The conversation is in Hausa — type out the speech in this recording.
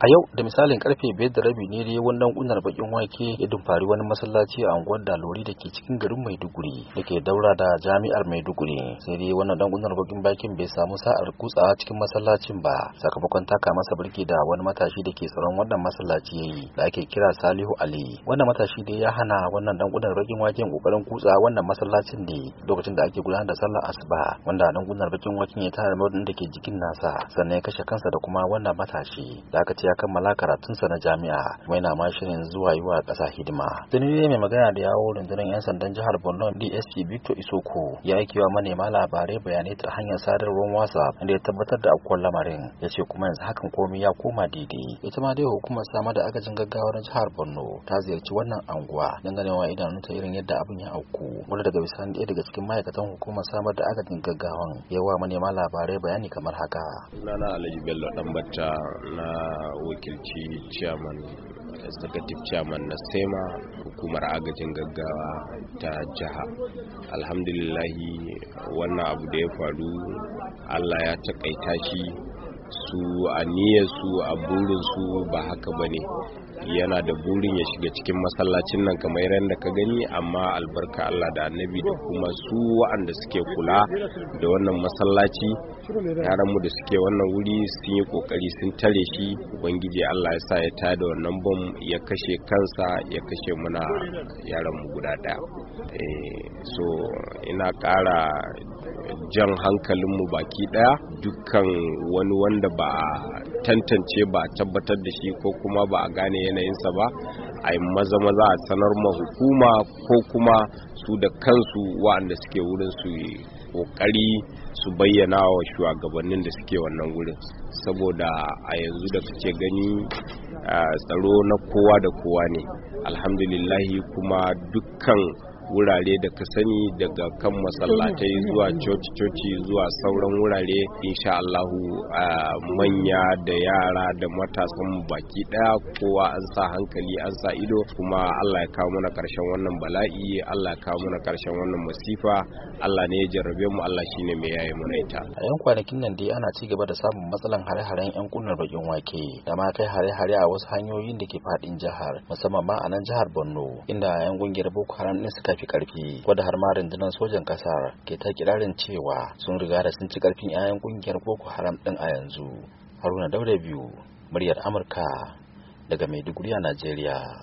a yau da misalin karfe biyar da rabi ne dai wannan kunar bakin wake ya dumfari wani masallaci a unguwar dalori da ke cikin garin maiduguri da ke daura da jami'ar maiduguri sai dai wannan dan kunar bakin bakin bai samu sa'ar kutsawa cikin masallacin ba sakamakon taka masa birki da wani matashi da ke tsaron wannan masallaci yayi da ake kira salihu ali wannan matashi dai ya hana wannan dan kunar bakin waken kokarin kutsa wannan masallacin ne lokacin da ake gudanar da sallar asuba wanda dan kunar bakin waken ya tare da da ke jikin nasa sannan ya kashe kansa da kuma wannan matashi da aka ce ya kammala karatunsa na jami'a kuma yana ma shirin zuwa yi wa ƙasa hidima. Tuni ne mai magana da yawo rundunar 'yan sandan jihar Borno DSP Victor Isoko ya aiki wa manema labarai bayanai ta hanyar sadarwar WhatsApp inda ya tabbatar da akwai lamarin ya ce kuma yanzu hakan komai ya koma daidai. Ita ma dai hukumar samar da agajin gaggawa na jihar Borno ta ziyarci wannan anguwa don ganewa ta irin yadda abin ya auku wanda daga bisani ɗaya daga cikin ma'aikatan hukumar samar da agajin gaggawan yawa manema labarai bayani kamar haka. Sunana Alhaji Bello na wakilci chairman executive chairman na sema hukumar agajin gaggawa ta jiha alhamdulillahi wannan abu da ya faru allah ya takaita shi su a su a burin su ba haka ba ne yana da burin ya shiga cikin masallacin nan kamar da ka gani amma albarka Allah da annabi da kuma su wa'anda suke kula da wannan masallaci yaranmu da suke wannan wuri sun yi kokari sun tare shi ubangiji Allah ya sa ya tada wannan bom ya kashe kansa ya kashe muna mu guda daya eh, so ina kara jan hankalinmu baki daya dukkan wani wani wanda ba tantance ba tabbatar da shi ko kuma ba a gane yanayinsa ba a yi maza maza a sanar ma hukuma ko kuma su da kansu wa'anda suke wurin su kokari su bayyana wa shugabannin da suke wannan wurin saboda a yanzu da kake gani tsaro na kowa da kowa ne alhamdulillahi kuma dukkan wurare da ka sani daga kan masallatai zuwa coci-coci zuwa sauran wurare insha Allahu manya da yara da matasan baki daya kowa an sa hankali an sa ido kuma Allah ya kawo mana karshen wannan bala'i Allah ya kawo mana karshen wannan masifa Allah ne ya jarrabe mu Allah shine mai yaye mana ita a yan kwanakin nan dai ana ci gaba da samun matsalan hare-haren yan kunnar bakin wake da ma kai hare-hare a wasu hanyoyin da ke fadin jihar musamman ma a nan jihar Borno inda yan gungiyar Boko Haram ne suka fi karfi wadda har ma rundunar sojan kasar ke ta kirarin cewa sun riga da sun ci karfin 'ya'yan kungiyar boko haram din a yanzu haruna dauda biyu muryar amurka daga maiduguri a najeriya